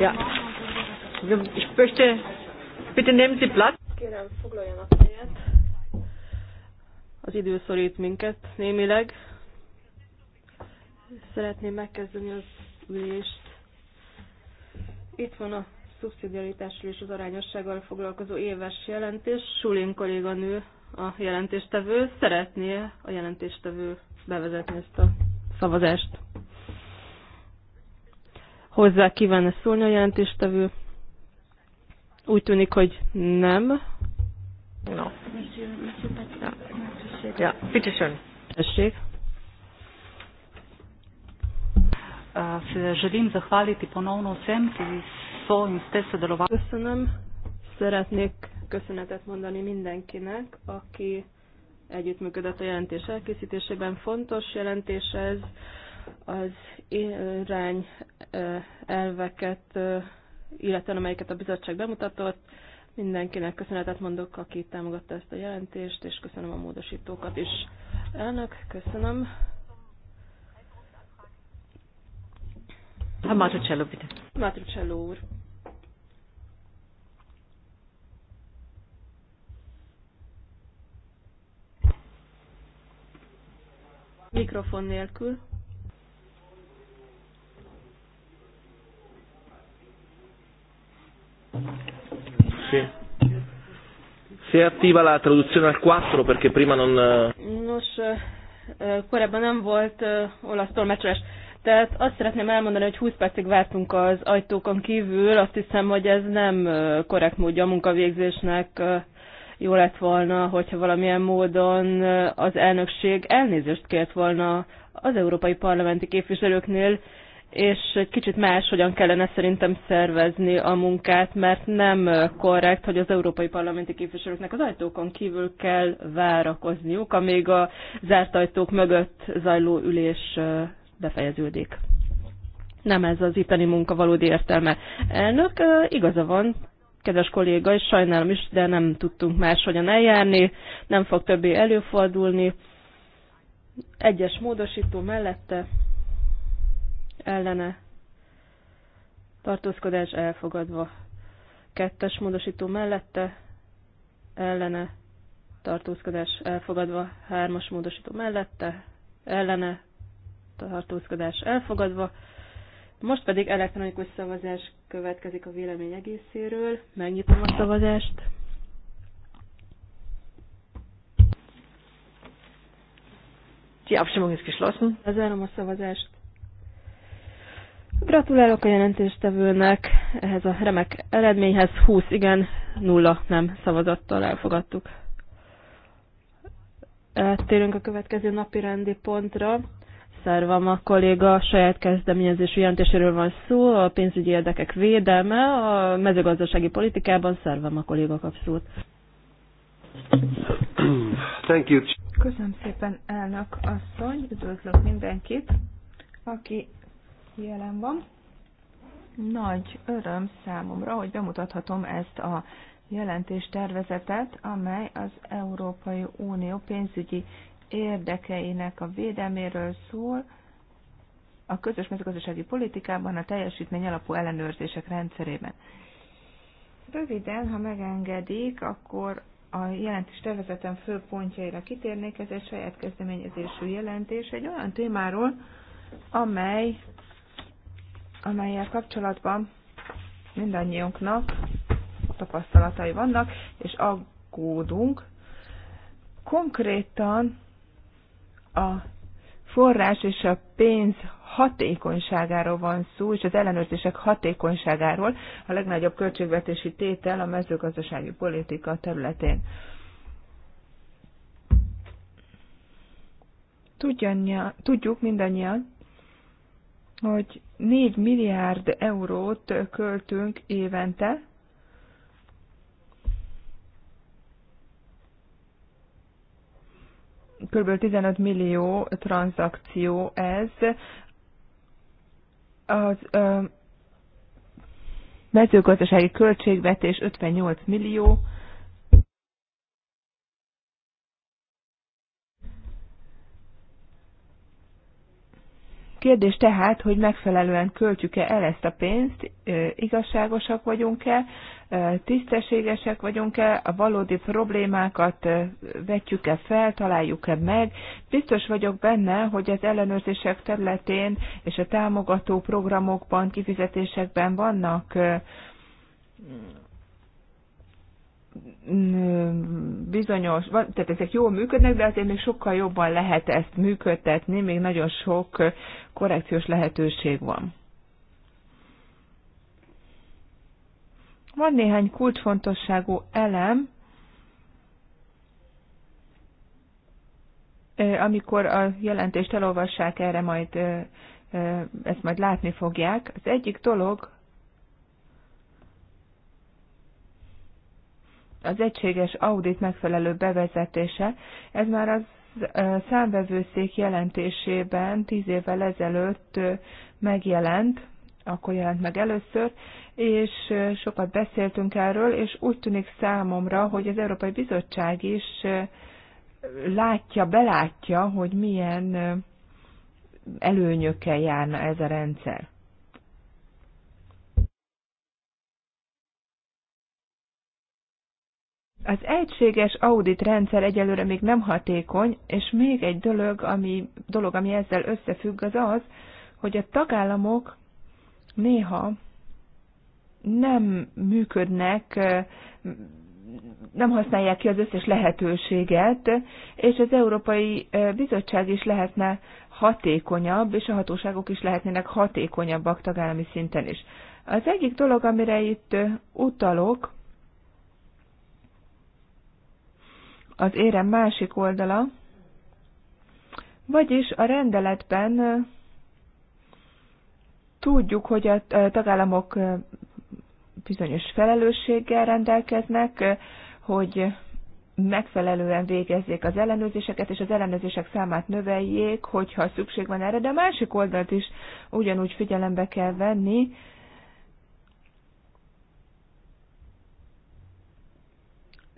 Ja. Ich möchte, bitte nehmen Sie Platz. Kérem, foglaljanak helyet. Az idő szorít minket némileg. Szeretném megkezdeni az ülést. Itt van a szubszidiaritásról és az arányossággal foglalkozó éves jelentés. Sulin kolléganő a jelentéstevő. Szeretné a jelentéstevő bevezetni ezt a szavazást. Hozzá kívánna szólni a jelentéstevő? Úgy tűnik, hogy nem. No. Ja, bitteschön. Tessék. Köszönöm. Szeretnék köszönetet mondani mindenkinek, aki együttműködött a jelentés elkészítésében. Fontos jelentés ez az irány elveket, illetve amelyeket a bizottság bemutatott. Mindenkinek köszönetet mondok, aki támogatta ezt a jelentést, és köszönöm a módosítókat is. Elnök, köszönöm. A Matrucello, bitte. Matruccello úr. Mikrofon nélkül. Sì. Si attiva la traduzione al 4 perché prima non... Eh, Nos, eh, korábban nem volt eh, olasz tolmácsolás. Tehát azt szeretném elmondani, hogy 20 percig vártunk az ajtókon kívül, azt hiszem, hogy ez nem korrekt módja a munkavégzésnek. Jó lett volna, hogyha valamilyen módon az elnökség elnézést kért volna az európai parlamenti képviselőknél, és kicsit máshogyan kellene szerintem szervezni a munkát, mert nem korrekt, hogy az európai parlamenti képviselőknek az ajtókon kívül kell várakozniuk, amíg a zárt ajtók mögött zajló ülés befejeződik. Nem ez az itteni munka valódi értelme. Elnök, igaza van, kedves kolléga, és sajnálom is, de nem tudtunk máshogyan eljárni, nem fog többé előfordulni. Egyes módosító mellette ellene tartózkodás elfogadva. Kettes módosító mellette ellene tartózkodás elfogadva. Hármas módosító mellette ellene tartózkodás elfogadva. Most pedig elektronikus szavazás következik a vélemény egészéről. Megnyitom a szavazást. Die Abstimmung ist geschlossen. Lezárom a szavazást. Gratulálok a jelentéstevőnek ehhez a remek eredményhez. 20 igen, nulla nem szavazattal elfogadtuk. Térünk a következő napi rendi pontra. Szervam a kolléga saját kezdeményezésű jelentéséről van szó, a pénzügyi érdekek védelme, a mezőgazdasági politikában szervam a kolléga kap szót. Thank you. Köszönöm szépen, elnök asszony, üdvözlök mindenkit, aki jelen van. Nagy öröm számomra, hogy bemutathatom ezt a jelentéstervezetet, amely az Európai Unió pénzügyi érdekeinek a védelméről szól, a közös mezőgazdasági politikában a teljesítmény alapú ellenőrzések rendszerében. Röviden, ha megengedik, akkor a jelentés tervezetem fő pontjaira kitérnék. Ez egy saját kezdeményezésű jelentés egy olyan témáról, amely amelyel kapcsolatban mindannyiunknak tapasztalatai vannak, és aggódunk. Konkrétan a forrás és a pénz hatékonyságáról van szó, és az ellenőrzések hatékonyságáról a legnagyobb költségvetési tétel a mezőgazdasági politika területén. Tudjania, tudjuk mindannyian, hogy 4 milliárd eurót költünk évente, kb. 15 millió tranzakció ez. Az ö, mezőgazdasági költségvetés 58 millió, Kérdés tehát, hogy megfelelően költjük-e el ezt a pénzt, igazságosak vagyunk-e, tisztességesek vagyunk-e, a valódi problémákat vetjük-e fel, találjuk-e meg. Biztos vagyok benne, hogy az ellenőrzések területén és a támogató programokban, kifizetésekben vannak bizonyos, tehát ezek jól működnek, de azért még sokkal jobban lehet ezt működtetni, még nagyon sok korrekciós lehetőség van. Van néhány kulcsfontosságú elem, amikor a jelentést elolvassák, erre majd ezt majd látni fogják. Az egyik dolog, az egységes audit megfelelő bevezetése, ez már az számvevőszék jelentésében tíz évvel ezelőtt megjelent, akkor jelent meg először, és sokat beszéltünk erről, és úgy tűnik számomra, hogy az Európai Bizottság is látja, belátja, hogy milyen előnyökkel járna ez a rendszer. Az egységes audit rendszer egyelőre még nem hatékony, és még egy dolog, ami, dolog, ami ezzel összefügg, az az, hogy a tagállamok néha nem működnek, nem használják ki az összes lehetőséget, és az Európai Bizottság is lehetne hatékonyabb, és a hatóságok is lehetnének hatékonyabbak tagállami szinten is. Az egyik dolog, amire itt utalok, az érem másik oldala, vagyis a rendeletben tudjuk, hogy a tagállamok bizonyos felelősséggel rendelkeznek, hogy megfelelően végezzék az ellenőrzéseket, és az ellenőrzések számát növeljék, hogyha szükség van erre, de a másik oldalt is ugyanúgy figyelembe kell venni.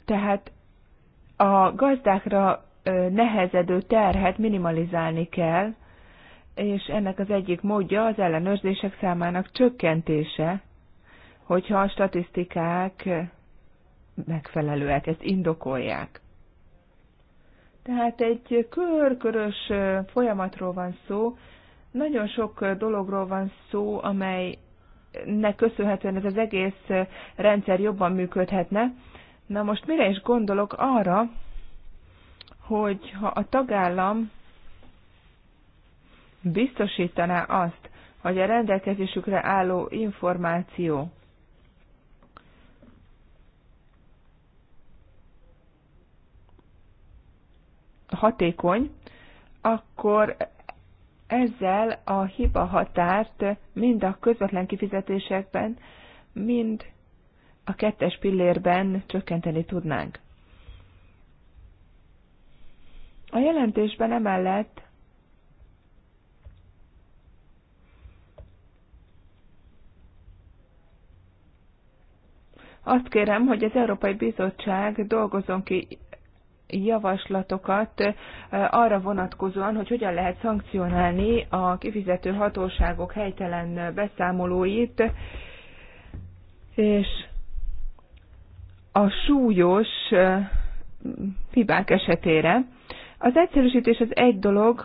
Tehát a gazdákra nehezedő terhet minimalizálni kell, és ennek az egyik módja az ellenőrzések számának csökkentése, hogyha a statisztikák megfelelőek, ezt indokolják. Tehát egy körkörös folyamatról van szó, nagyon sok dologról van szó, amelynek köszönhetően ez az egész rendszer jobban működhetne, Na most mire is gondolok arra, hogy ha a tagállam biztosítaná azt, hogy a rendelkezésükre álló információ hatékony, akkor ezzel a hiba határt mind a közvetlen kifizetésekben, mind a kettes pillérben csökkenteni tudnánk. A jelentésben emellett azt kérem, hogy az Európai Bizottság dolgozzon ki javaslatokat arra vonatkozóan, hogy hogyan lehet szankcionálni a kifizető hatóságok helytelen beszámolóit, és a súlyos hibák esetére. Az egyszerűsítés az egy dolog,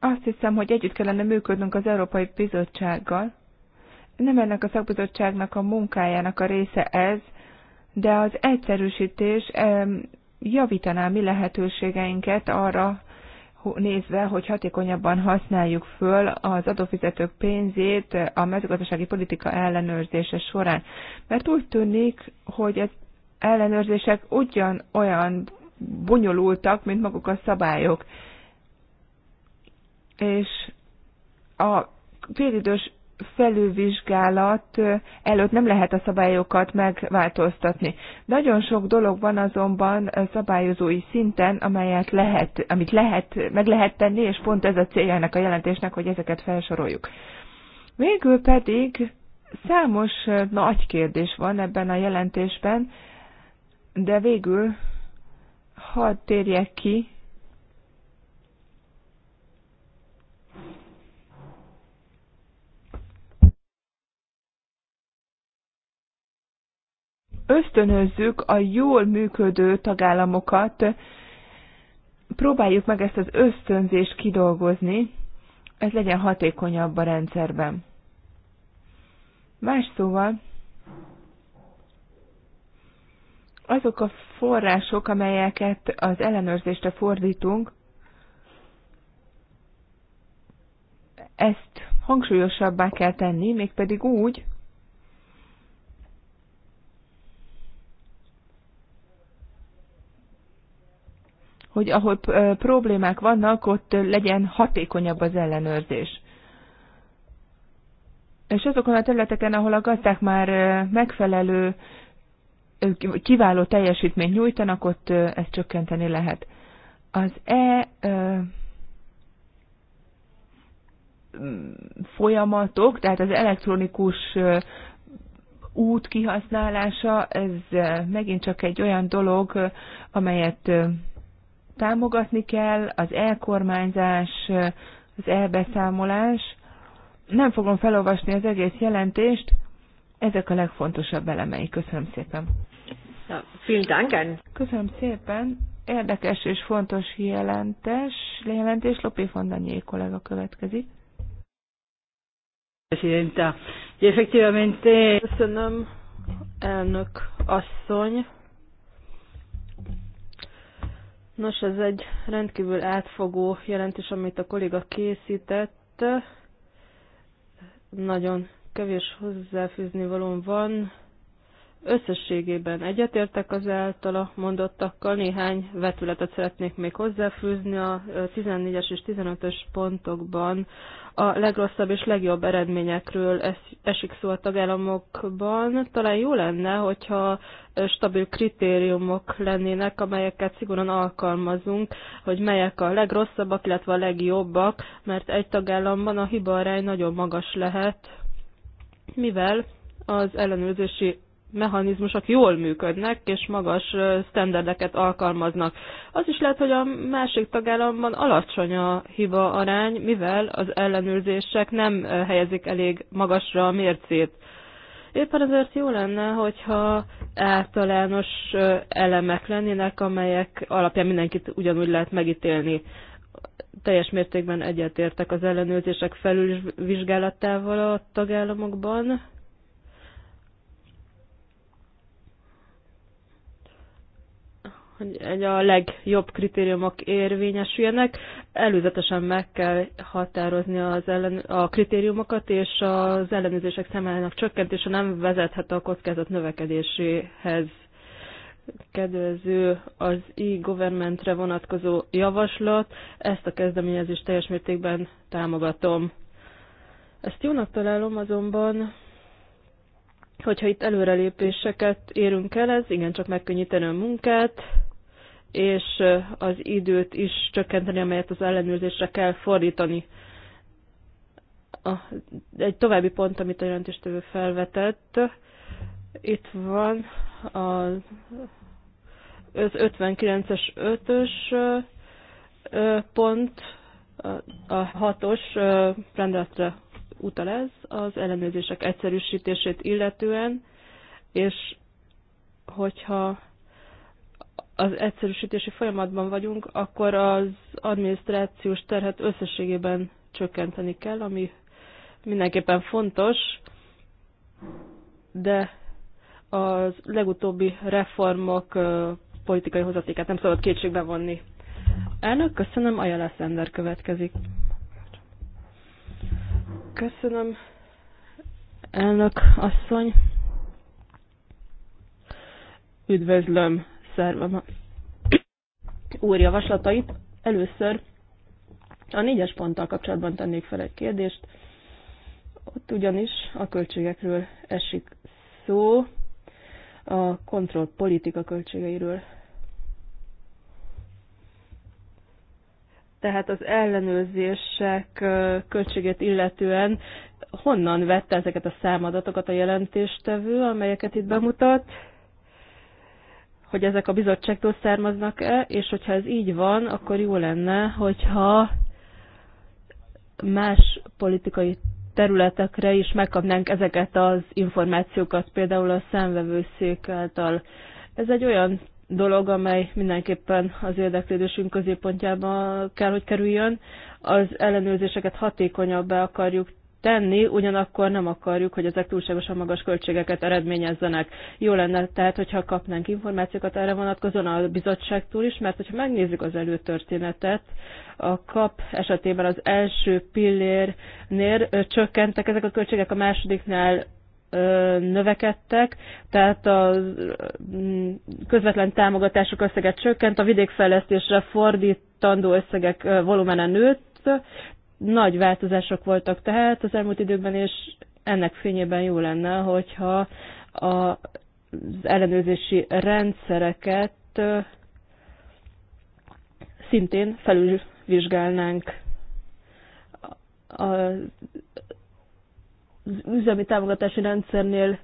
azt hiszem, hogy együtt kellene működnünk az Európai Bizottsággal. Nem ennek a szakbizottságnak a munkájának a része ez, de az egyszerűsítés javítaná mi lehetőségeinket arra, nézve, hogy hatékonyabban használjuk föl az adófizetők pénzét a mezőgazdasági politika ellenőrzése során. Mert úgy tűnik, hogy az ellenőrzések olyan bonyolultak, mint maguk a szabályok. És a félidős felülvizsgálat előtt nem lehet a szabályokat megváltoztatni. Nagyon sok dolog van azonban szabályozói szinten, amelyet lehet, amit lehet, meg lehet tenni, és pont ez a célja ennek a jelentésnek, hogy ezeket felsoroljuk. Végül pedig számos nagy kérdés van ebben a jelentésben, de végül hadd térjek ki ösztönözzük a jól működő tagállamokat, próbáljuk meg ezt az ösztönzést kidolgozni, ez legyen hatékonyabb a rendszerben. Más szóval, azok a források, amelyeket az ellenőrzésre fordítunk, ezt hangsúlyosabbá kell tenni, mégpedig úgy, hogy ahol problémák vannak, ott legyen hatékonyabb az ellenőrzés. És azokon a területeken, ahol a gazdák már megfelelő, kiváló teljesítményt nyújtanak, ott ezt csökkenteni lehet. Az E folyamatok, tehát az elektronikus út kihasználása, ez megint csak egy olyan dolog, amelyet támogatni kell, az elkormányzás, az elbeszámolás. Nem fogom felolvasni az egész jelentést, ezek a legfontosabb elemei. Köszönöm szépen. Köszönöm szépen. Érdekes és fontos jelentés. Jelentés Lopé Fondanyi kollega következik. Presidenta. Köszönöm, elnök asszony. Nos, ez egy rendkívül átfogó jelentés, amit a kolléga készített. Nagyon kevés hozzáfűzni valóm van. Összességében egyetértek az általa mondottakkal, néhány vetületet szeretnék még hozzáfűzni a 14-es és 15-ös pontokban a legrosszabb és legjobb eredményekről esik szó a tagállamokban. Talán jó lenne, hogyha stabil kritériumok lennének, amelyeket szigorúan alkalmazunk, hogy melyek a legrosszabbak, illetve a legjobbak, mert egy tagállamban a hiba arány nagyon magas lehet, mivel az ellenőrzési mechanizmusok jól működnek, és magas standardeket alkalmaznak. Az is lehet, hogy a másik tagállamban alacsony a hiba arány, mivel az ellenőrzések nem helyezik elég magasra a mércét. Éppen ezért jó lenne, hogyha általános elemek lennének, amelyek alapján mindenkit ugyanúgy lehet megítélni. Teljes mértékben egyetértek az ellenőrzések felülvizsgálatával a tagállamokban, hogy a legjobb kritériumok érvényesüljenek. Előzetesen meg kell határozni az ellen, a kritériumokat, és az ellenőrzések számának csökkentése nem vezethet a kockázat növekedéséhez. Kedvező az e-governmentre vonatkozó javaslat. Ezt a kezdeményezést teljes mértékben támogatom. Ezt jónak találom azonban, hogyha itt előrelépéseket érünk el, ez igencsak megkönnyíteni a munkát, és az időt is csökkenteni, amelyet az ellenőrzésre kell fordítani. A, egy további pont, amit a jelentéstevő felvetett, itt van az 59-es 5-ös pont, a 6-os rendeletre utal ez az ellenőrzések egyszerűsítését illetően, és hogyha az egyszerűsítési folyamatban vagyunk, akkor az adminisztrációs terhet összességében csökkenteni kell, ami mindenképpen fontos, de az legutóbbi reformok politikai hozatékát nem szabad kétségbe vonni. Elnök, köszönöm, a Szender következik. Köszönöm, elnök asszony. Üdvözlöm először úr javaslatait. Először a négyes ponttal kapcsolatban tennék fel egy kérdést. Ott ugyanis a költségekről esik szó, a kontrollpolitika költségeiről. Tehát az ellenőrzések költségét illetően honnan vette ezeket a számadatokat a jelentéstevő, amelyeket itt bemutat, hogy ezek a bizottságtól származnak-e, és hogyha ez így van, akkor jó lenne, hogyha más politikai területekre is megkapnánk ezeket az információkat, például a szemvevőszék által. Ez egy olyan dolog, amely mindenképpen az érdeklődésünk középpontjába kell, hogy kerüljön. Az ellenőrzéseket hatékonyabbá akarjuk tenni, ugyanakkor nem akarjuk, hogy ezek túlságosan magas költségeket eredményezzenek. Jó lenne tehát, hogyha kapnánk információkat erre vonatkozóan a bizottságtól is, mert hogyha megnézzük az előtörténetet, a kap esetében az első pillérnél csökkentek ezek a költségek, a másodiknál növekedtek, tehát a közvetlen támogatások összeget csökkent, a vidékfejlesztésre fordítandó összegek volumenen nőtt, nagy változások voltak tehát az elmúlt időben, és ennek fényében jó lenne, hogyha a az ellenőrzési rendszereket szintén felülvizsgálnánk az üzemi támogatási rendszernél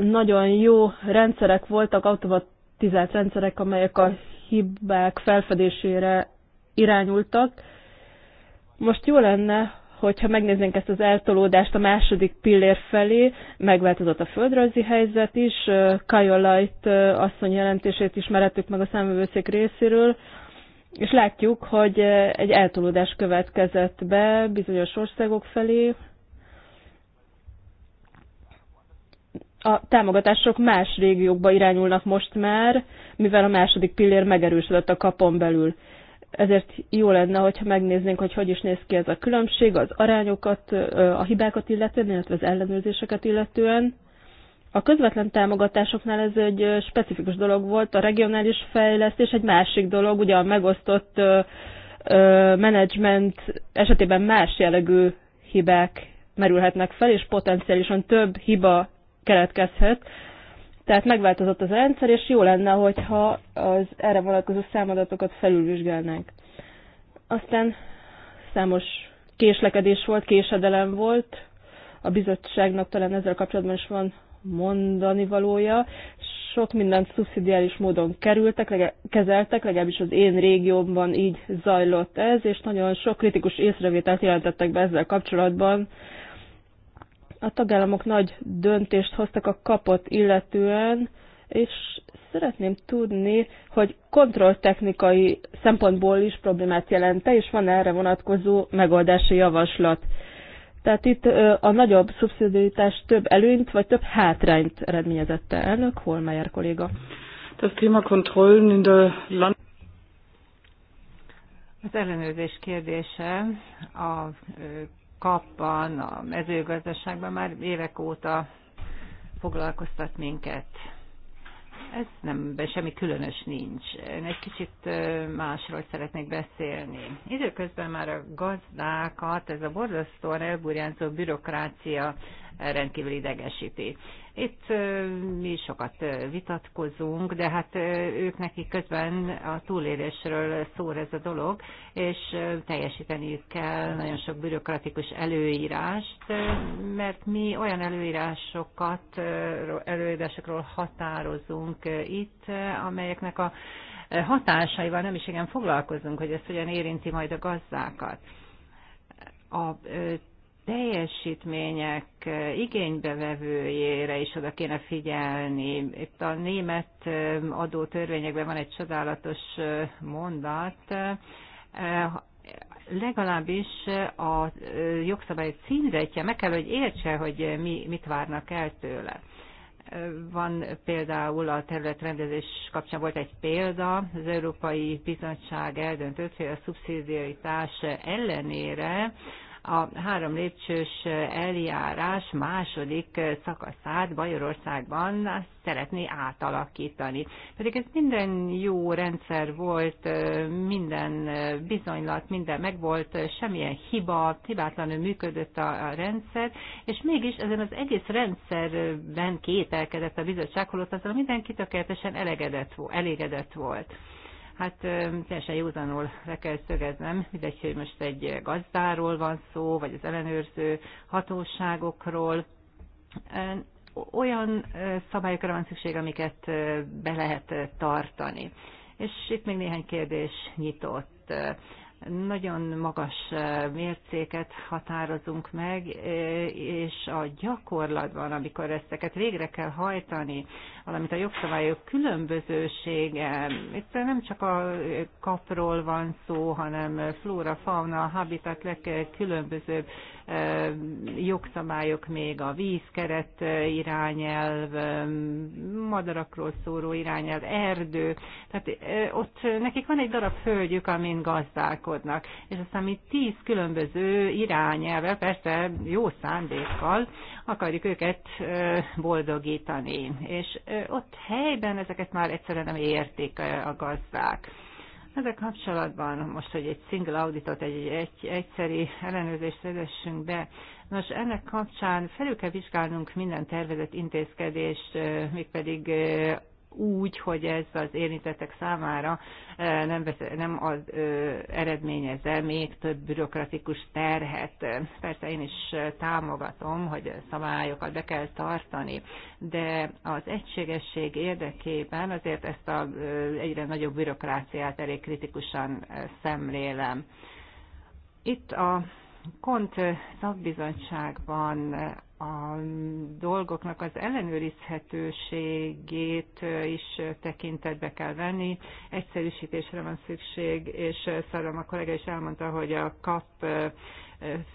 nagyon jó rendszerek voltak, automatizált rendszerek, amelyek a hibák felfedésére irányultak, most jó lenne, hogyha megnéznénk ezt az eltolódást a második pillér felé, megváltozott a földrajzi helyzet is, Kajolajt asszony jelentését ismerettük meg a számövőszék részéről, és látjuk, hogy egy eltolódás következett be bizonyos országok felé. A támogatások más régiókba irányulnak most már, mivel a második pillér megerősödött a kapon belül ezért jó lenne, hogyha megnéznénk, hogy hogy is néz ki ez a különbség, az arányokat, a hibákat illetően, illetve az ellenőrzéseket illetően. A közvetlen támogatásoknál ez egy specifikus dolog volt, a regionális fejlesztés egy másik dolog, ugye a megosztott menedzsment esetében más jellegű hibák merülhetnek fel, és potenciálisan több hiba keletkezhet, tehát megváltozott az rendszer, és jó lenne, hogyha az erre vonatkozó számadatokat felülvizsgálnánk. Aztán számos késlekedés volt, késedelem volt. A bizottságnak talán ezzel kapcsolatban is van mondani valója. Sok mindent szubszidiális módon kerültek, lege, kezeltek, legalábbis az én régiómban így zajlott ez, és nagyon sok kritikus észrevételt jelentettek be ezzel kapcsolatban, a tagállamok nagy döntést hoztak a kapot illetően, és szeretném tudni, hogy kontrolltechnikai szempontból is problémát jelente, és van erre vonatkozó megoldási javaslat. Tehát itt a nagyobb szubszidiaritás több előnyt vagy több hátrányt eredményezette elnök Holmeyer kolléga. Das Thema Kontrollen in der Land az ellenőrzés kérdése a kapban, a mezőgazdaságban már évek óta foglalkoztat minket. Ez nem, semmi különös nincs. Én egy kicsit másról szeretnék beszélni. Időközben már a gazdákat, ez a borzasztóan elburjánzó bürokrácia rendkívül idegesíti. Itt mi sokat vitatkozunk, de hát ők nekik közben a túlélésről szól ez a dolog, és teljesíteniük kell nagyon sok bürokratikus előírást, mert mi olyan előírásokat, előírásokról határozunk itt, amelyeknek a hatásaival nem is igen foglalkozunk, hogy ez hogyan érinti majd a gazdákat. A teljesítmények eh, igénybevevőjére is oda kéne figyelni. Itt a német eh, adótörvényekben van egy csodálatos eh, mondat, legalábbis a jogszabály címzetje meg kell, hogy értse, hogy mi, mit várnak el tőle. Van például a területrendezés kapcsán volt egy példa, az Európai Bizottság eldöntött, hogy a szubszidiaritás ellenére a három lépcsős eljárás második szakaszát Bajorországban szeretné átalakítani. Pedig ez minden jó rendszer volt, minden bizonylat, minden megvolt, semmilyen hiba, hibátlanul működött a, rendszer, és mégis ezen az egész rendszerben kételkedett a bizottság, holott azzal mindenki tökéletesen elégedett volt. Hát teljesen józanul le kell szögeznem, mindegy, hogy most egy gazdáról van szó, vagy az ellenőrző hatóságokról. Olyan szabályokra van szükség, amiket be lehet tartani. És itt még néhány kérdés nyitott nagyon magas mércéket határozunk meg, és a gyakorlatban, amikor ezteket végre kell hajtani, valamint a jogszabályok különbözősége, itt nem csak a kapról van szó, hanem flóra, fauna, habitat legkülönbözőbb jogszabályok még a vízkeret irányelv, madarakról szóró irányelv, erdő, tehát ott nekik van egy darab földjük, amin gazdálkodnak, gondolkodnak, és aztán mi tíz különböző irányelve, persze jó szándékkal akarjuk őket boldogítani, és ott helyben ezeket már egyszerűen nem értik a gazdák. Ezek kapcsolatban most, hogy egy single auditot, egy, egy egyszeri ellenőrzést vezessünk be, Nos, ennek kapcsán felül kell vizsgálnunk minden tervezett intézkedést, mégpedig úgy, hogy ez az érintettek számára e, nem, vesz, nem az, ö, e, el még több bürokratikus terhet. Persze én is támogatom, hogy szabályokat be kell tartani, de az egységesség érdekében azért ezt az e, egyre nagyobb bürokráciát elég kritikusan szemlélem. Itt a Kont szakbizottságban a dolgoknak az ellenőrizhetőségét is tekintetbe kell venni. Egyszerűsítésre van szükség, és Szarom a kollega is elmondta, hogy a kap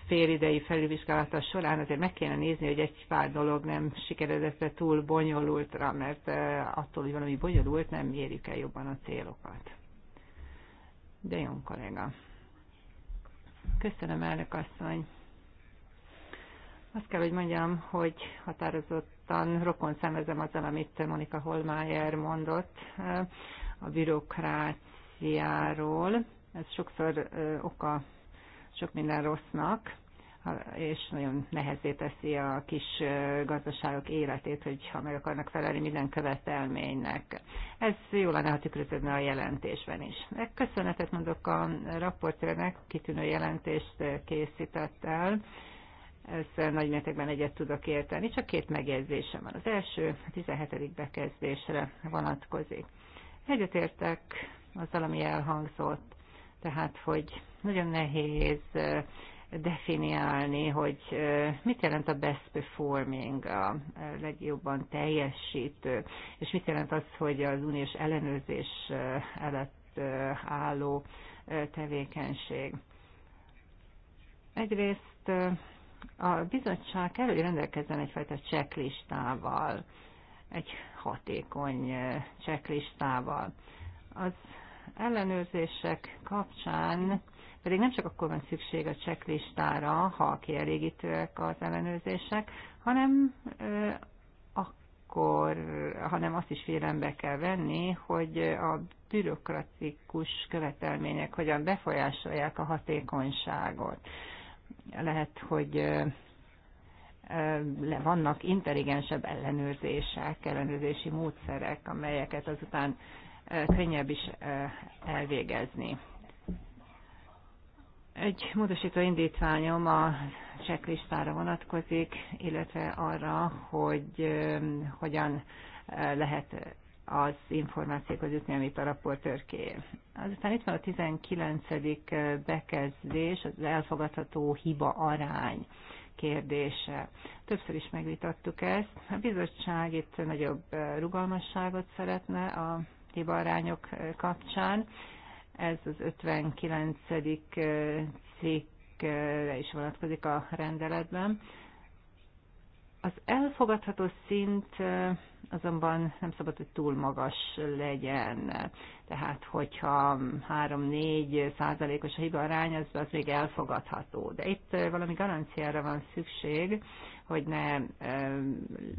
félidei felülvizsgálata során azért meg kéne nézni, hogy egy pár dolog nem sikeredett túl bonyolultra, mert attól, hogy valami bonyolult, nem mérjük el jobban a célokat. De jó kollega. Köszönöm, elnök asszony. Azt kell, hogy mondjam, hogy határozottan rokon szemezem azzal, amit Monika Holmájer mondott eh, a bürokráciáról. Ez sokszor eh, oka sok minden rossznak, és nagyon nehezé teszi a kis eh, gazdaságok életét, hogyha meg akarnak felelni minden követelménynek. Ez jó lenne, ha tükröződne a jelentésben is. Köszönetet mondok a raportőrnek, kitűnő jelentést készített el ezzel nagy mértékben egyet tudok érteni. Csak két megjegyzésem van. Az első a 17. bekezdésre vonatkozik. Egyetértek azzal, ami elhangzott, tehát, hogy nagyon nehéz definiálni, hogy mit jelent a best performing, a legjobban teljesítő, és mit jelent az, hogy az uniós ellenőrzés előtt álló tevékenység. Egyrészt a bizottság kell, hogy rendelkezzen egyfajta cseklistával, egy hatékony cseklistával. Az ellenőrzések kapcsán pedig nem csak akkor van szükség a cseklistára, ha kielégítőek az ellenőrzések, hanem akkor, hanem azt is félembe kell venni, hogy a bürokratikus követelmények hogyan befolyásolják a hatékonyságot lehet, hogy vannak intelligensebb ellenőrzések, ellenőrzési módszerek, amelyeket azután könnyebb is elvégezni. Egy módosító indítványom a checklistára vonatkozik, illetve arra, hogy hogyan lehet az az jutni, amit a raportőr kér. Azután itt van a 19. bekezdés, az elfogadható hiba arány kérdése. Többször is megvitattuk ezt. A bizottság itt nagyobb rugalmasságot szeretne a hiba arányok kapcsán. Ez az 59. cikkre is vonatkozik a rendeletben. Az elfogadható szint azonban nem szabad, hogy túl magas legyen. Tehát, hogyha 3-4 százalékos a arány, az, az még elfogadható. De itt valami garanciára van szükség, hogy ne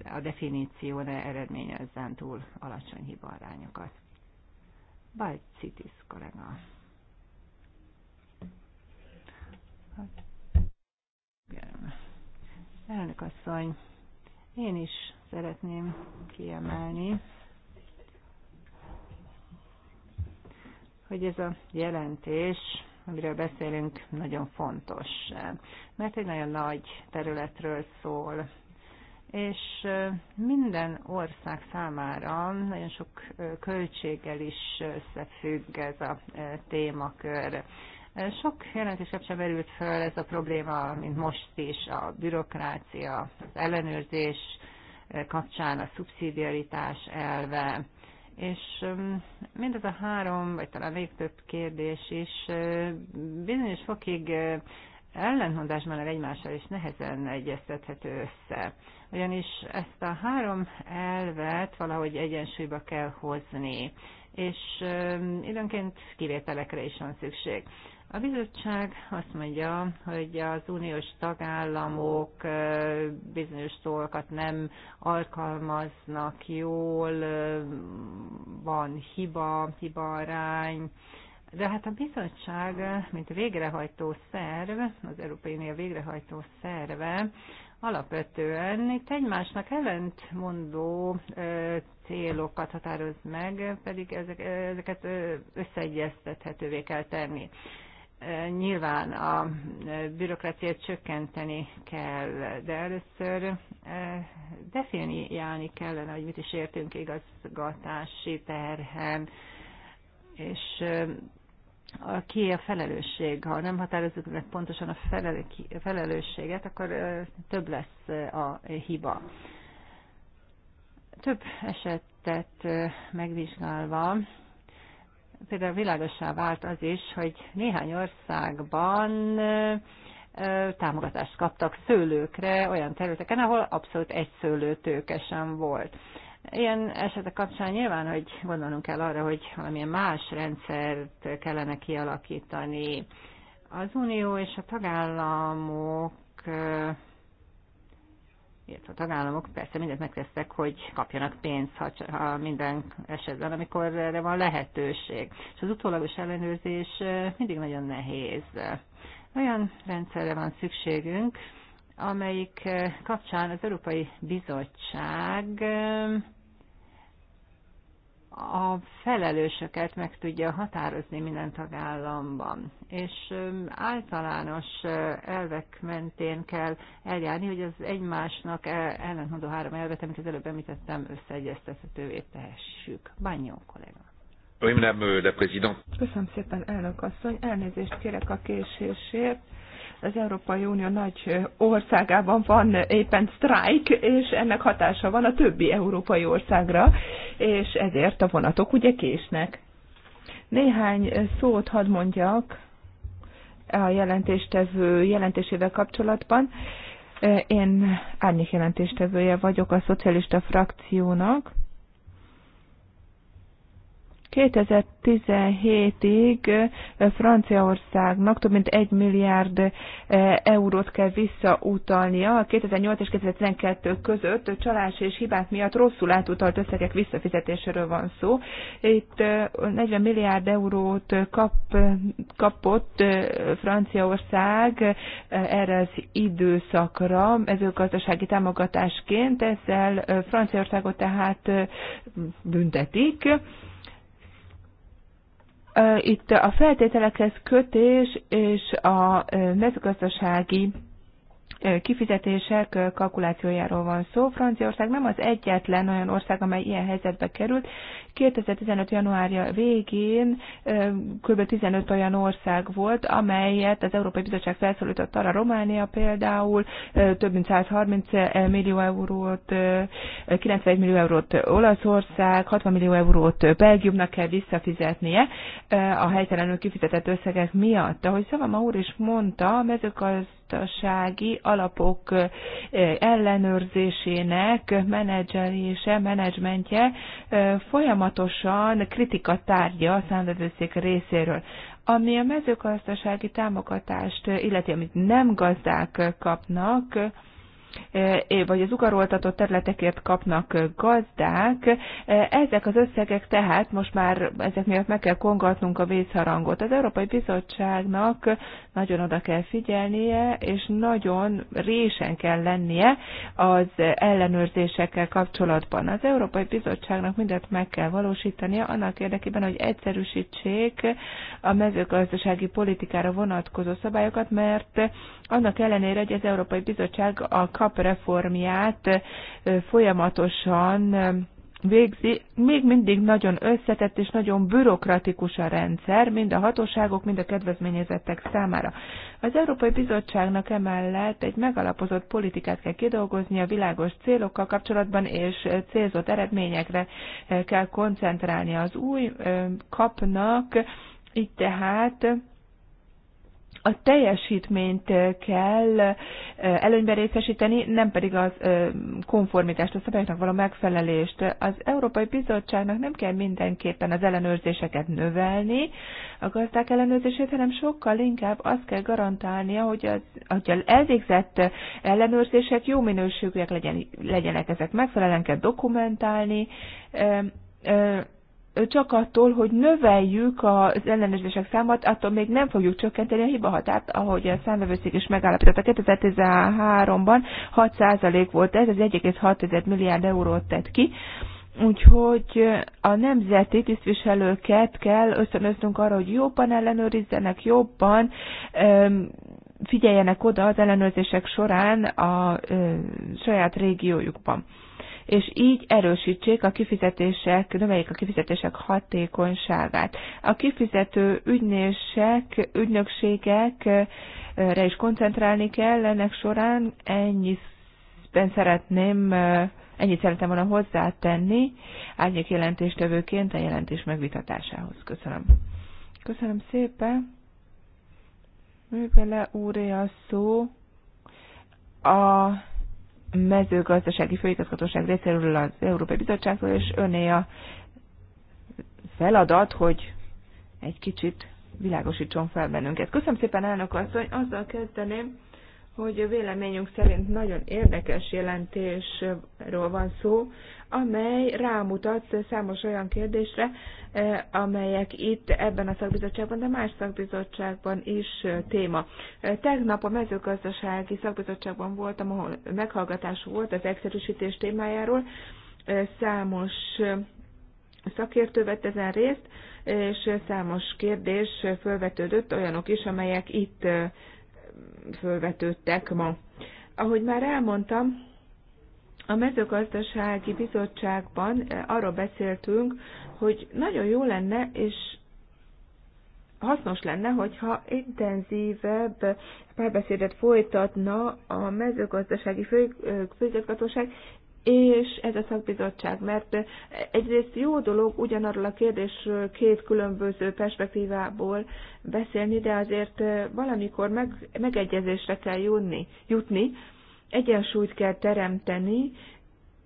a definíció ne eredményezzen túl alacsony hibarányokat. Citis kollega. Hát, Elnök asszony, én is szeretném kiemelni, hogy ez a jelentés, amiről beszélünk, nagyon fontos, mert egy nagyon nagy területről szól, és minden ország számára nagyon sok költséggel is összefügg ez a témakör. Sok jelentősebb sem merült föl ez a probléma, mint most is, a bürokrácia, az ellenőrzés kapcsán a szubszidiaritás elve, és um, mindez a három, vagy talán még több kérdés is uh, bizonyos fokig uh, ellentmondásban áll egymással, is nehezen egyeztethető össze. Ugyanis ezt a három elvet valahogy egyensúlyba kell hozni, és um, időnként kivételekre is van szükség. A bizottság azt mondja, hogy az uniós tagállamok bizonyos dolgokat nem alkalmaznak jól, van hiba, hiba arány, de hát a bizottság, mint végrehajtó szerv, az Európai Unió végrehajtó szerve, alapvetően itt egymásnak ellentmondó célokat határoz meg, pedig ezek, ezeket összeegyeztethetővé kell tenni. Nyilván a e, bürokráciát csökkenteni kell, de először e, definiálni kellene, hogy mit is értünk igazgatási terhen, és e, a, ki a felelősség. Ha nem határozzuk meg pontosan a felelősséget, akkor több lesz a hiba. Több esetet megvizsgálva például világosá vált az is, hogy néhány országban támogatást kaptak szőlőkre olyan területeken, ahol abszolút egy szőlőtőke sem volt. Ilyen esetek kapcsán nyilván, hogy gondolnunk kell arra, hogy valamilyen más rendszert kellene kialakítani. Az Unió és a tagállamok illetve a tagállamok persze mindent megtesztek, hogy kapjanak pénzt ha, ha minden esetben, amikor erre van lehetőség. És az utólagos ellenőrzés mindig nagyon nehéz. Olyan rendszerre van szükségünk, amelyik kapcsán az Európai Bizottság a felelősöket meg tudja határozni minden tagállamban, és általános elvek mentén kell eljárni, hogy az egymásnak e, ellentmondó három elvet, amit az előbb említettem, összeegyeztethetővé tehessük. Bányó kolléga. Köszönöm szépen, elnök asszony. Elnézést kérek a késésért az Európai Unió nagy országában van éppen sztrájk, és ennek hatása van a többi európai országra, és ezért a vonatok ugye késnek. Néhány szót hadd mondjak a jelentéstevő jelentésével kapcsolatban. Én árnyék jelentéstevője vagyok a szocialista frakciónak, 2017-ig Franciaországnak több mint 1 milliárd eurót kell visszautalnia. 2008 és 2012 között csalás és hibák miatt rosszul átutalt összegek visszafizetéséről van szó. Itt 40 milliárd eurót kap, kapott Franciaország erre az időszakra mezőgazdasági támogatásként. Ezzel Franciaországot tehát büntetik itt a feltételekhez kötés és a mezőgazdasági kifizetések kalkulációjáról van szó. Franciaország nem az egyetlen olyan ország, amely ilyen helyzetbe került. 2015. januárja végén kb. 15 olyan ország volt, amelyet az Európai Bizottság felszólított arra Románia például, több mint 130 millió eurót, 91 millió eurót Olaszország, 60 millió eurót Belgiumnak kell visszafizetnie a helytelenül kifizetett összegek miatt. Ahogy Szavama úr is mondta, a az gazdasági alapok ellenőrzésének menedzselése, menedzsmentje folyamatosan kritika tárgya a számvevőszék részéről. Ami a mezőgazdasági támogatást illeti, amit nem gazdák kapnak, E, vagy az ugaroltatott területekért kapnak gazdák. E, ezek az összegek tehát most már ezek miatt meg kell kongatnunk a vészharangot. Az Európai Bizottságnak nagyon oda kell figyelnie, és nagyon résen kell lennie az ellenőrzésekkel kapcsolatban. Az Európai Bizottságnak mindent meg kell valósítania annak érdekében, hogy egyszerűsítsék a mezőgazdasági politikára vonatkozó szabályokat, mert annak ellenére, hogy az Európai Bizottság a kap reformját folyamatosan végzi, még mindig nagyon összetett és nagyon bürokratikus a rendszer, mind a hatóságok, mind a kedvezményezettek számára. Az Európai Bizottságnak emellett egy megalapozott politikát kell kidolgozni a világos célokkal kapcsolatban, és célzott eredményekre kell koncentrálni az új kapnak, így tehát a teljesítményt kell előnyben részesíteni, nem pedig az konformitást, a szabályoknak való megfelelést. Az Európai Bizottságnak nem kell mindenképpen az ellenőrzéseket növelni, a gazdák ellenőrzését, hanem sokkal inkább azt kell garantálnia, hogy az, hogy az elvégzett ellenőrzések jó minőségűek legyen, legyenek, ezek megfelelően kell dokumentálni, csak attól, hogy növeljük az ellenőrzések számát, attól még nem fogjuk csökkenteni a hibahatárt, ahogy a számvevőszék is megállapította. 2013-ban 6% volt ez, az 1,6 milliárd eurót tett ki. Úgyhogy a nemzeti tisztviselőket kell ösztönöznünk arra, hogy jobban ellenőrizzenek, jobban figyeljenek oda az ellenőrzések során a saját régiójukban és így erősítsék a kifizetések, növeljék a kifizetések hatékonyságát. A kifizető ügynések, ügynökségekre is koncentrálni kell ennek során, ennyiben szeretném Ennyit szeretem volna hozzátenni árnyék jelentéstevőként a jelentés megvitatásához. Köszönöm. Köszönöm szépen. Művele úré a szó. A mezőgazdasági főigazgatóság részéről az Európai Bizottságról, és öné a feladat, hogy egy kicsit világosítson fel bennünket. Köszönöm szépen, elnök asszony, azzal kezdeném, hogy a véleményünk szerint nagyon érdekes jelentésről van szó, amely rámutat számos olyan kérdésre, eh, amelyek itt ebben a szakbizottságban, de más szakbizottságban is eh, téma. Eh, tegnap a mezőgazdasági szakbizottságban voltam, ahol meghallgatás volt az egyszerűsítés témájáról, számos szakértő vett ezen részt, és számos kérdés felvetődött, olyanok is, amelyek itt fölvetődtek ma. Ahogy már elmondtam, a mezőgazdasági bizottságban eh, arról beszéltünk, hogy nagyon jó lenne, és hasznos lenne, hogyha intenzívebb párbeszédet folytatna a mezőgazdasági eh, főigazgatóság és ez a szakbizottság, mert egyrészt jó dolog ugyanarról a kérdésről két különböző perspektívából beszélni, de azért valamikor meg, megegyezésre kell jutni, jutni, egyensúlyt kell teremteni,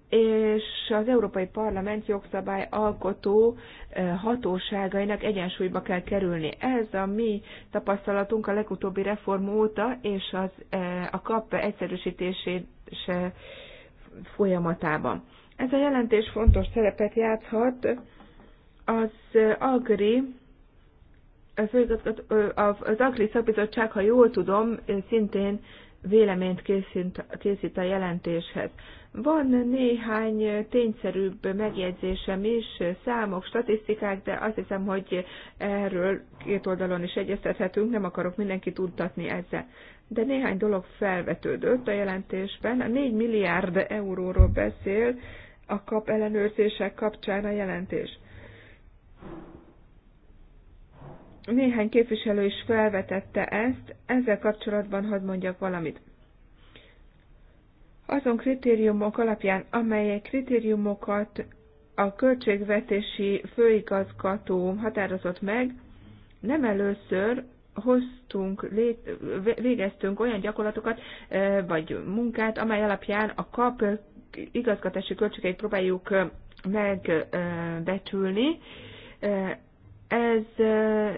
és az Európai Parlament jogszabály alkotó hatóságainak egyensúlyba kell kerülni. Ez a mi tapasztalatunk a legutóbbi reform óta, és az, a KAP egyszerűsítésése folyamatában. Ez a jelentés fontos szerepet játszhat az Agri az az Agri Szakbizottság, ha jól tudom, szintén véleményt készít, készít a jelentéshez. Van néhány tényszerűbb megjegyzésem is, számok, statisztikák, de azt hiszem, hogy erről két oldalon is egyeztethetünk, nem akarok mindenkit tudtatni ezzel. De néhány dolog felvetődött a jelentésben. A 4 milliárd euróról beszél a kap ellenőrzések kapcsán a jelentés. Néhány képviselő is felvetette ezt, ezzel kapcsolatban hadd mondjak valamit. Azon kritériumok alapján, amelyek kritériumokat a költségvetési főigazgató határozott meg, nem először hoztunk, lét, végeztünk olyan gyakorlatokat vagy munkát, amely alapján a kap igazgatási költségeit próbáljuk megbecsülni ez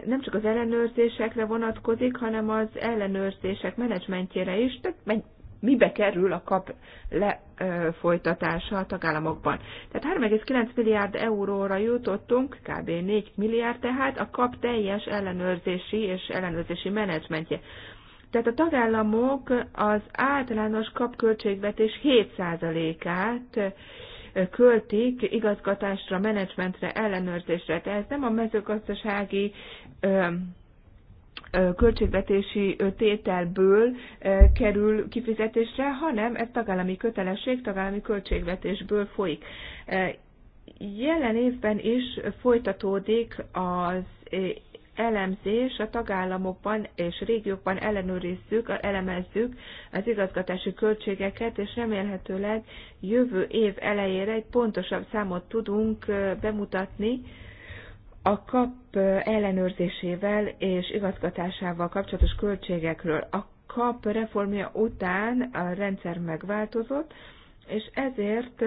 nem csak az ellenőrzésekre vonatkozik, hanem az ellenőrzések menedzsmentjére is, tehát mibe kerül a kap lefolytatása a tagállamokban. Tehát 3,9 milliárd euróra jutottunk, kb. 4 milliárd tehát a kap teljes ellenőrzési és ellenőrzési menedzsmentje. Tehát a tagállamok az általános kapköltségvetés 7%-át költik igazgatásra, menedzsmentre, ellenőrzésre. Tehát nem a mezőgazdasági költségvetési tételből kerül kifizetésre, hanem ez tagállami kötelesség, tagállami költségvetésből folyik. Jelen évben is folytatódik az elemzés a tagállamokban és régiókban ellenőrizzük, elemezzük az igazgatási költségeket, és remélhetőleg jövő év elejére egy pontosabb számot tudunk bemutatni a kap ellenőrzésével és igazgatásával kapcsolatos költségekről. A kap reformja után a rendszer megváltozott, és ezért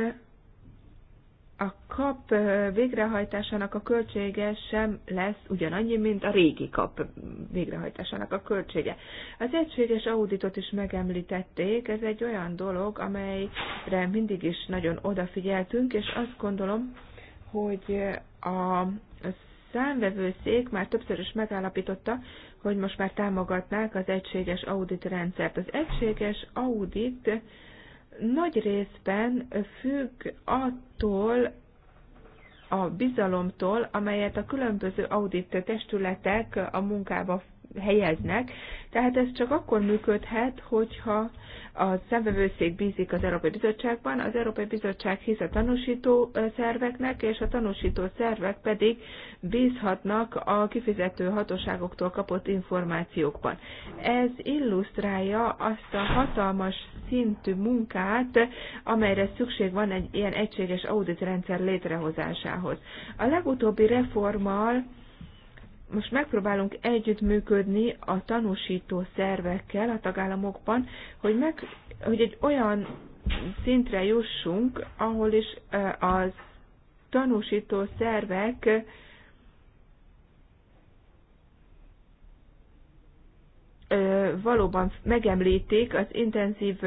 a kap végrehajtásának a költsége sem lesz ugyanannyi, mint a régi kap végrehajtásának a költsége. Az egységes auditot is megemlítették, ez egy olyan dolog, amelyre mindig is nagyon odafigyeltünk, és azt gondolom, hogy a számvevőszék már többször is megállapította, hogy most már támogatnák az egységes audit rendszert. Az egységes audit nagy részben függ attól a bizalomtól, amelyet a különböző audit testületek a munkába helyeznek. Tehát ez csak akkor működhet, hogyha a szemvevőszék bízik az Európai Bizottságban, az Európai Bizottság hisz a tanúsító szerveknek, és a tanúsító szervek pedig bízhatnak a kifizető hatóságoktól kapott információkban. Ez illusztrálja azt a hatalmas szintű munkát, amelyre szükség van egy ilyen egységes auditrendszer létrehozásához. A legutóbbi reformal most megpróbálunk együttműködni a tanúsító szervekkel a tagállamokban, hogy, meg, hogy egy olyan szintre jussunk, ahol is az tanúsító szervek valóban megemlítik az intenzív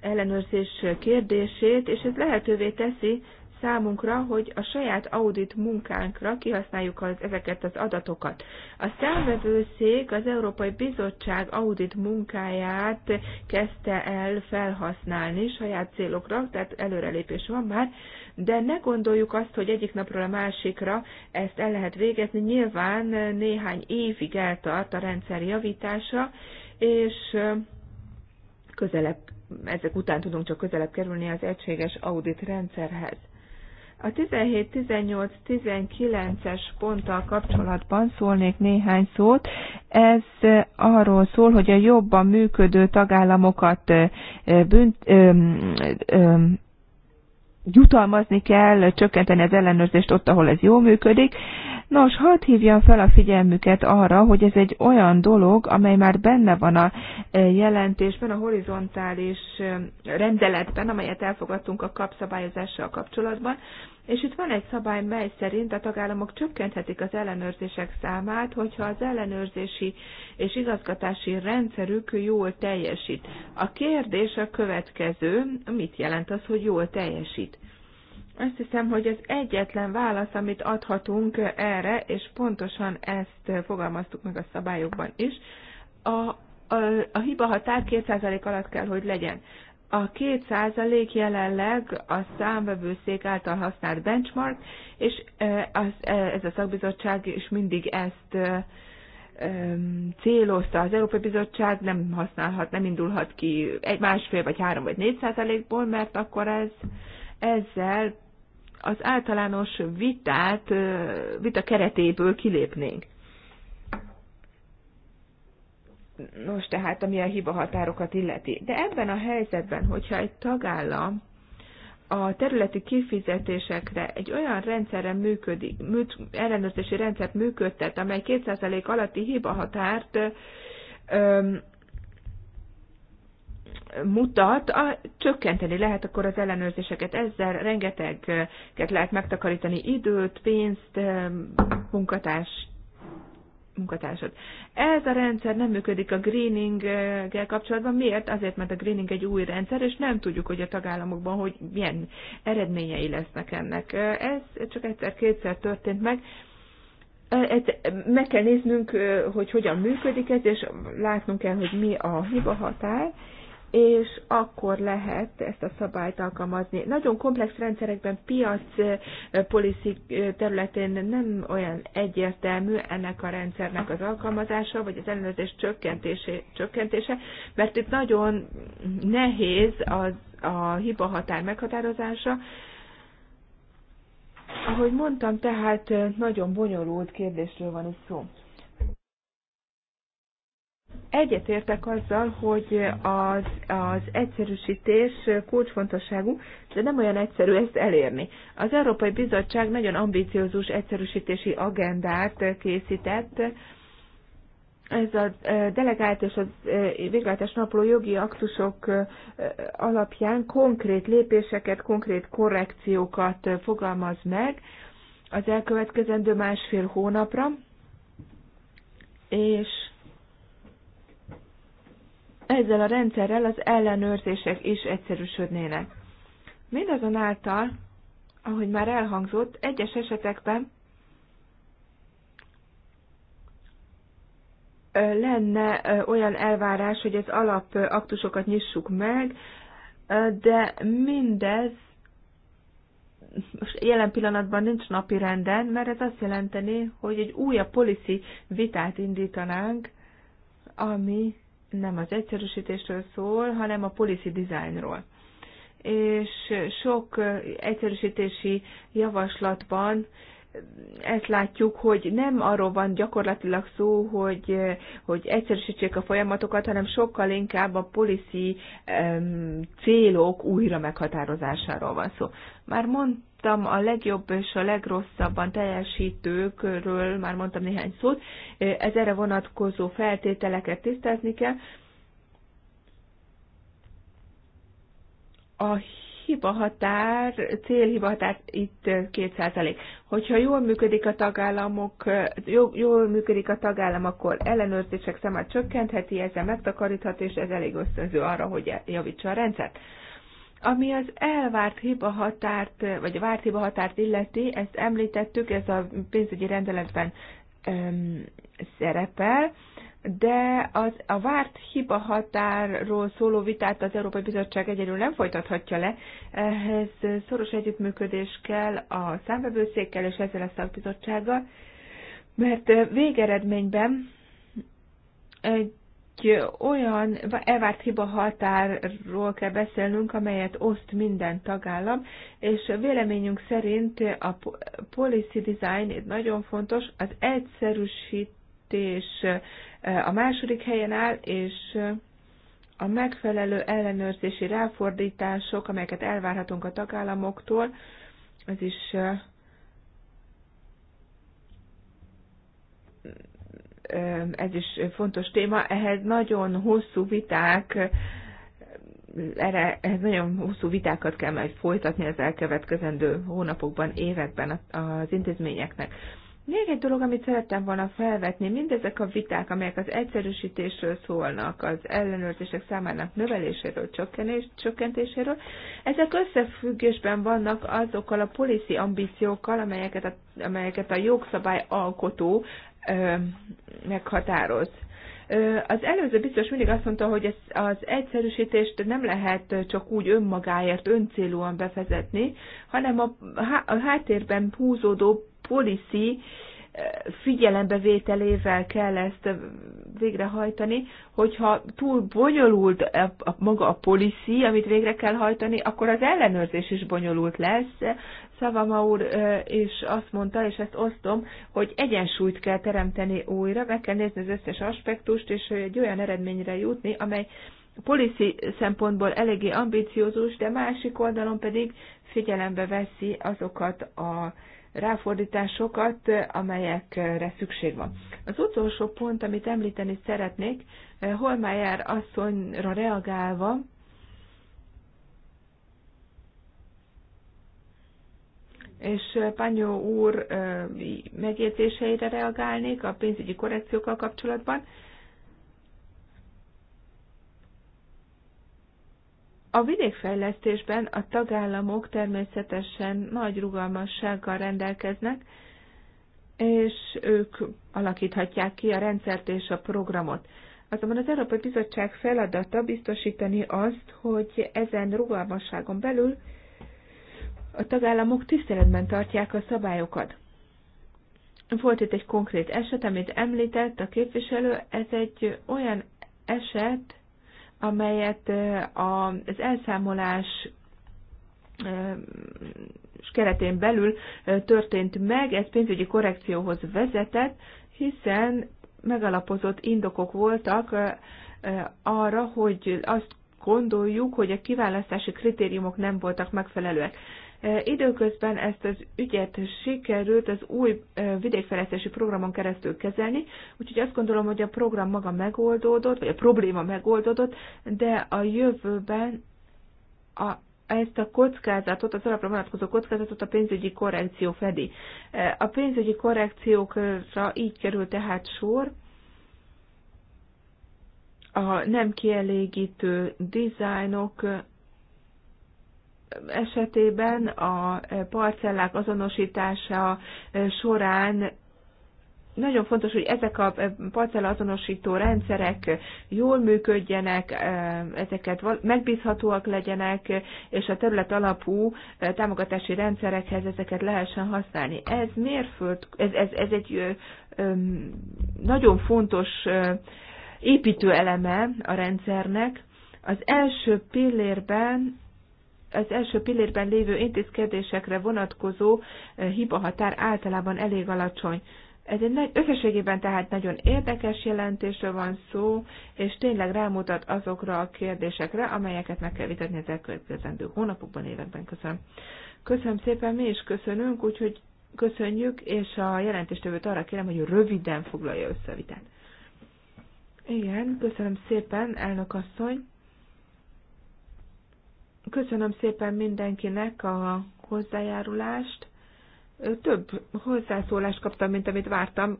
ellenőrzés kérdését, és ez lehetővé teszi számunkra, hogy a saját audit munkánkra kihasználjuk az, ezeket az adatokat. A számvevőszék az Európai Bizottság audit munkáját kezdte el felhasználni saját célokra, tehát előrelépés van már, de ne gondoljuk azt, hogy egyik napról a másikra ezt el lehet végezni. Nyilván néhány évig eltart a rendszer javítása, és közelebb ezek után tudunk csak közelebb kerülni az egységes audit rendszerhez. A 17-18-19-es ponttal kapcsolatban szólnék néhány szót. Ez arról szól, hogy a jobban működő tagállamokat bünt, öm, öm, jutalmazni kell, csökkenteni az ellenőrzést ott, ahol ez jól működik. Nos, hadd hívjam fel a figyelmüket arra, hogy ez egy olyan dolog, amely már benne van a e, jelentésben, a horizontális e, rendeletben, amelyet elfogadtunk a kapszabályozással kapcsolatban, és itt van egy szabály, mely szerint a tagállamok csökkenthetik az ellenőrzések számát, hogyha az ellenőrzési és igazgatási rendszerük jól teljesít. A kérdés a következő, mit jelent az, hogy jól teljesít? Azt hiszem, hogy az egyetlen válasz, amit adhatunk erre, és pontosan ezt fogalmaztuk meg a szabályokban is, a, a, a hiba határ 2% alatt kell, hogy legyen. A 2% jelenleg a számvevőszék által használt benchmark, és e, e, ez a szakbizottság is mindig ezt e, célozta az Európai Bizottság, nem használhat, nem indulhat ki egy másfél, vagy három, vagy négy százalékból, mert akkor ez ezzel az általános vitát, vita keretéből kilépnénk. Nos, tehát ami a hiba határokat illeti. De ebben a helyzetben, hogyha egy tagállam a területi kifizetésekre egy olyan rendszerre működik, műt, ellenőrzési rendszert működtet, amely 2% alatti hibahatárt határt mutat, a, csökkenteni lehet akkor az ellenőrzéseket. Ezzel rengeteget lehet megtakarítani időt, pénzt, munkatárs, munkatársat. Ez a rendszer nem működik a greening-gel kapcsolatban. Miért? Azért, mert a greening egy új rendszer, és nem tudjuk, hogy a tagállamokban, hogy milyen eredményei lesznek ennek. Ez csak egyszer-kétszer történt meg, meg kell néznünk, hogy hogyan működik ez, és látnunk kell, hogy mi a hiba határ, és akkor lehet ezt a szabályt alkalmazni. Nagyon komplex rendszerekben, piac policy területén nem olyan egyértelmű ennek a rendszernek az alkalmazása, vagy az ellenőrzés csökkentése, csökkentése mert itt nagyon nehéz az, a hiba határ meghatározása, ahogy mondtam, tehát nagyon bonyolult kérdésről van itt szó. Egyetértek azzal, hogy az, az egyszerűsítés kulcsfontosságú, de nem olyan egyszerű ezt elérni. Az Európai Bizottság nagyon ambiciózus egyszerűsítési agendát készített, ez a delegált és a végletes napló jogi aktusok alapján konkrét lépéseket, konkrét korrekciókat fogalmaz meg az elkövetkezendő másfél hónapra, és ezzel a rendszerrel az ellenőrzések is egyszerűsödnének. Mindazonáltal, ahogy már elhangzott, egyes esetekben lenne olyan elvárás, hogy az alapaktusokat nyissuk meg, de mindez jelen pillanatban nincs napi renden, mert ez azt jelenteni, hogy egy újabb policy vitát indítanánk, ami nem az egyszerűsítésről szól, hanem a policy designról. És sok egyszerűsítési javaslatban ezt látjuk, hogy nem arról van gyakorlatilag szó, hogy, hogy egyszerűsítsék a folyamatokat, hanem sokkal inkább a policy um, célok újra meghatározásáról van szó. Már mond, hallottam a legjobb és a legrosszabban teljesítőkről, már mondtam néhány szót, ez erre vonatkozó feltételeket tisztázni kell. A hiba határ, célhiba határ itt 2%. Hogyha jól működik a tagállamok, jól, jól működik a tagállam, akkor ellenőrzések számát csökkentheti, ezzel megtakaríthat, és ez elég ösztönző arra, hogy javítsa a rendszert. Ami az elvárt hiba határt, vagy a várt hiba határt illeti, ezt említettük, ez a pénzügyi rendeletben öm, szerepel, de az, a várt hiba határról szóló vitát az Európai Bizottság egyedül nem folytathatja le. Ehhez szoros együttműködés kell a számvevőszékkel és ezzel a szakbizottsággal, mert végeredményben egy egy olyan elvárt hiba határról kell beszélnünk, amelyet oszt minden tagállam, és véleményünk szerint a policy design nagyon fontos, az egyszerűsítés eh, a második helyen áll, és a megfelelő ellenőrzési ráfordítások, amelyeket elvárhatunk a tagállamoktól, az is eh, ez is fontos téma, ehhez nagyon hosszú viták, erre, ehhez nagyon hosszú vitákat kell majd folytatni az elkövetkezendő hónapokban, években az intézményeknek. Még egy dolog, amit szerettem volna felvetni, mindezek a viták, amelyek az egyszerűsítésről szólnak, az ellenőrzések számának növeléséről, csökkenés, csökkentéséről, ezek összefüggésben vannak azokkal a policy ambíciókkal, amelyeket a, amelyeket a jogszabály alkotó ö, meghatároz. Az előző biztos mindig azt mondta, hogy ez az egyszerűsítést nem lehet csak úgy önmagáért, öncélúan befezetni, hanem a háttérben húzódó policy eh, figyelembevételével kell ezt végrehajtani, hogyha túl bonyolult a, a, maga a policy, amit végre kell hajtani, akkor az ellenőrzés is bonyolult lesz. Szavama úr eh, is azt mondta, és ezt osztom, hogy egyensúlyt kell teremteni újra, meg kell nézni az összes aspektust, és egy olyan eredményre jutni, amely policy szempontból eléggé ambiciózus, de másik oldalon pedig figyelembe veszi azokat a ráfordításokat, amelyekre szükség van. Az utolsó pont, amit említeni szeretnék, eh, Holmájár asszonyra reagálva, és eh, Panyó úr eh, megértéseire reagálnék a pénzügyi korrekciókkal kapcsolatban. A vidékfejlesztésben a tagállamok természetesen nagy rugalmassággal rendelkeznek, és ők alakíthatják ki a rendszert és a programot. Azonban az Európai Bizottság feladata biztosítani azt, hogy ezen rugalmasságon belül a tagállamok tiszteletben tartják a szabályokat. Volt itt egy konkrét eset, amit említett a képviselő, ez egy olyan eset, amelyet az elszámolás keretén belül történt meg, ez pénzügyi korrekcióhoz vezetett, hiszen megalapozott indokok voltak arra, hogy azt gondoljuk, hogy a kiválasztási kritériumok nem voltak megfelelőek. Időközben ezt az ügyet sikerült az új vidékfejlesztési programon keresztül kezelni, úgyhogy azt gondolom, hogy a program maga megoldódott, vagy a probléma megoldódott, de a jövőben a ezt a kockázatot, az alapra vonatkozó kockázatot a pénzügyi korrekció fedi. A pénzügyi korrekciókra így kerül tehát sor, a nem kielégítő dizájnok esetében a parcellák azonosítása során nagyon fontos, hogy ezek a parcella azonosító rendszerek jól működjenek, ezeket megbízhatóak legyenek, és a terület alapú támogatási rendszerekhez ezeket lehessen használni. Ez mérföld, ez, ez, ez egy nagyon fontos építőeleme a rendszernek. Az első pillérben az első pillérben lévő intézkedésekre vonatkozó hibahatár általában elég alacsony. Ez egy nagy, összességében tehát nagyon érdekes jelentésre van szó, és tényleg rámutat azokra a kérdésekre, amelyeket meg kell vitatni az elkövetkezendő hónapokban, években. Köszönöm. Köszönöm szépen, mi is köszönünk, úgyhogy köszönjük, és a jelentéstevőt arra kérem, hogy röviden foglalja össze a vitát. Igen, köszönöm szépen, elnök asszony. Köszönöm szépen mindenkinek a hozzájárulást. Több hozzászólást kaptam, mint amit vártam.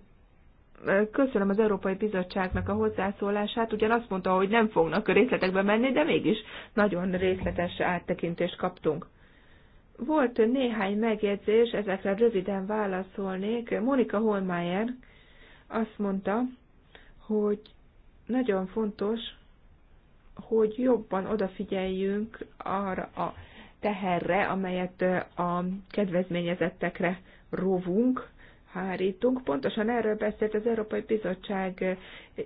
Köszönöm az Európai Bizottságnak a hozzászólását, ugyan azt mondta, hogy nem fognak részletekbe menni, de mégis nagyon részletes áttekintést kaptunk. Volt néhány megjegyzés, ezekre röviden válaszolnék. Monika Holmeyer azt mondta, hogy nagyon fontos, hogy jobban odafigyeljünk arra a teherre, amelyet eh, a kedvezményezettekre rovunk, hárítunk. Pontosan erről beszélt az Európai Bizottság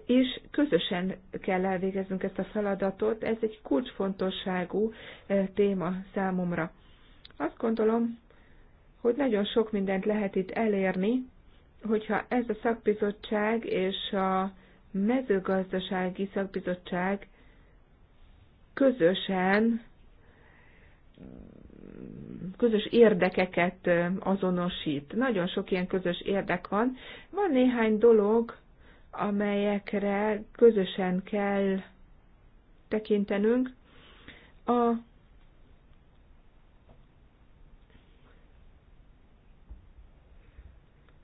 is. Eh, közösen kell elvégeznünk ezt a feladatot. Ez egy kulcsfontosságú eh, téma számomra. Azt gondolom, hogy nagyon sok mindent lehet itt elérni, hogyha ez a szakbizottság és a mezőgazdasági szakbizottság közösen közös érdekeket azonosít. Nagyon sok ilyen közös érdek van. Van néhány dolog, amelyekre közösen kell tekintenünk. A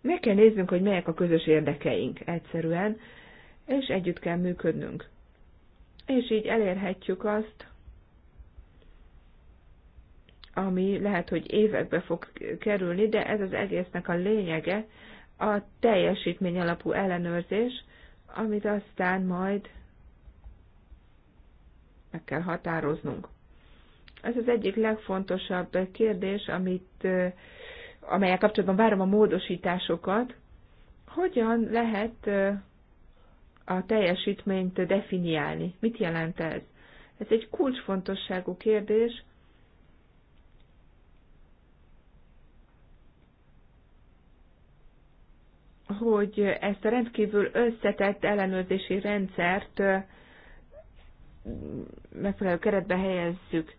Meg kell néznünk, hogy melyek a közös érdekeink egyszerűen, és együtt kell működnünk és így elérhetjük azt, ami lehet, hogy évekbe fog kerülni, de ez az egésznek a lényege, a teljesítmény alapú ellenőrzés, amit aztán majd meg kell határoznunk. Ez az egyik legfontosabb kérdés, amit, amelyek kapcsolatban várom a módosításokat. Hogyan lehet a teljesítményt definiálni. Mit jelent ez? Ez egy kulcsfontosságú kérdés, hogy ezt a rendkívül összetett ellenőrzési rendszert megfelelő keretbe helyezzük.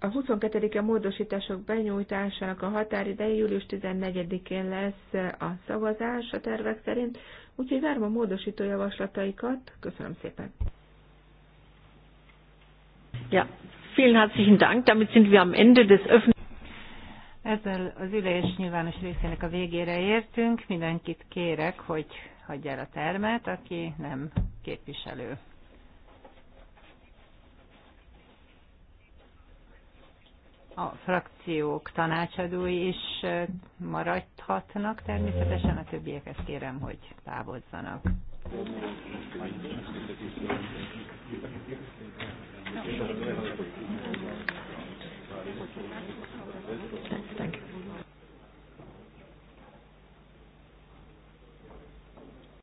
A 22-e módosítások benyújtásának a határideje július 14-én lesz a szavazás a tervek szerint, Úgyhogy várom a módosító javaslataikat. Köszönöm szépen. Ja, vielen herzlichen Dank. Damit sind wir am Ende des ezzel az ülés nyilvános részének a végére értünk. Mindenkit kérek, hogy hagyja el a termet, aki nem képviselő. a frakciók tanácsadói is maradhatnak természetesen, a többiek ezt kérem, hogy távozzanak. Thank you.